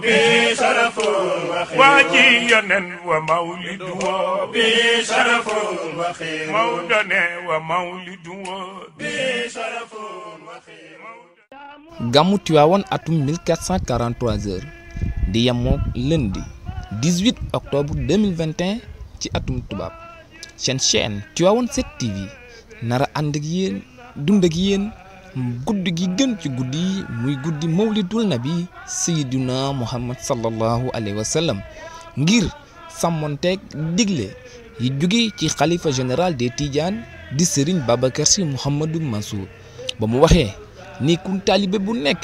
bi saraful waxi waa atum di yemoo lundi 18 octobre 2021 ci atum tubaab seen chaîne Tiwaawan 7 TV nara ànd ak yéen dund guddi gi gën ci guddi yi muy guddi mawlidul nabi sayyiduna muhammad sallallahu alayhi wa sallam ngir sàmmonteeg digle yi jóge ci xalifa général des Tidjane di Serigne Babacar Sy Mouhamadou Mansour ba mu waxee ni ku taalibe bu nekk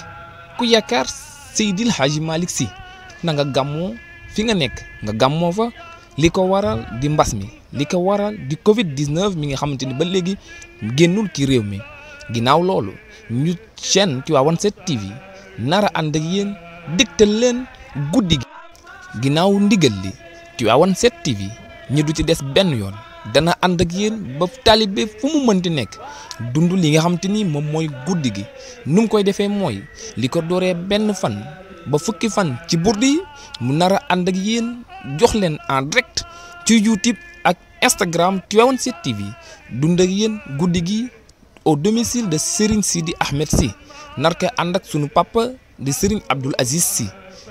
ku yaakaar Seydil haji Malick Sy na nga gàmmoo fi nga nekk nga gàmmoo fa li ko waral di mbas mi li ko waral di Covid 19 mi nga xamante ni ba léegi génnul ci réew mi. ginnaaw loolu ñu chaîne Tivaouane 7 TV nar a ànd ak yéen dégtal leen guddi gi. ginnaaw ndigal li Tivaouane 7 TV ñi du ci des benn yoon dana ànd ak yéen ba taalibe fu mu mënti nekk dund li nga xam te ni moom mooy guddi gi nu mu koy defee mooy li ko dooree benn fan ba fukki fan ci burdi yi mu nar a ànd ak yéen jox leen en direct ci YouTube ak Instagram Tivaouane 7 TV dund ak yéen guddi gi. au domicile de Serigne Sidi Ahmed Sy nar ko ànd ak sunu papa di Serigne Abdoul Aziz Sy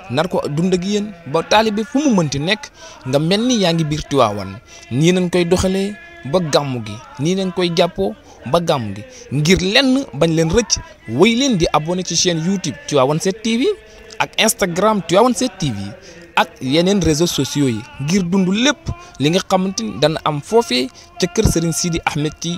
nar ko dund ak yéen ba taalibe fu mu nekk nga mel ni yaa ngi biir Tiwaawan nii nañ koy doxalee ba gàmm gi nii nañ koy jàppoo ba gàmm gi ngir lenn bañ leen rëcc wéy leen di abonné ci chaîne YouTube Tiwaawan 7TV ak Instagram Tiwaawan 7TV ak yeneen réseaux sociaux yi ngir dund lépp li nga xamante dana am foofee ca kër Serigne Sidi Ahmed ci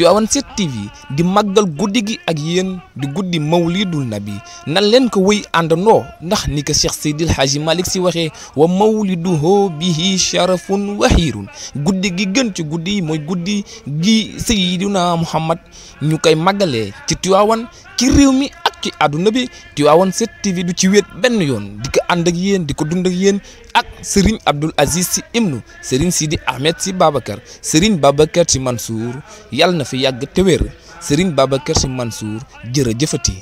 Tivaouane 7TV di màggal guddi gi ak yéen di guddi mawlidul nabi nan leen ko wëy àndandoo ndax ni ko Cheikh Seydil Hadji malik Sy waxee wa mawliduhu bihi sharafun waxiirun guddi gi gën ci guddi mooy guddi gi Seydina Muhammad ñu koy màggalee ci Tivaouane ci réew mi ak ci àdduna bi Tivaouane 7TV du ci wéet benn yoon di ko ànd ak yéen di ko dund ak yéen ak sëriñ Abdul Aziz si Ibnu sëriñ Sidi Ahmed si Babacar sëriñ Babacar si Mansour yàlla na fi yàgg te wér sëriñ Babacar si Mansour jëfati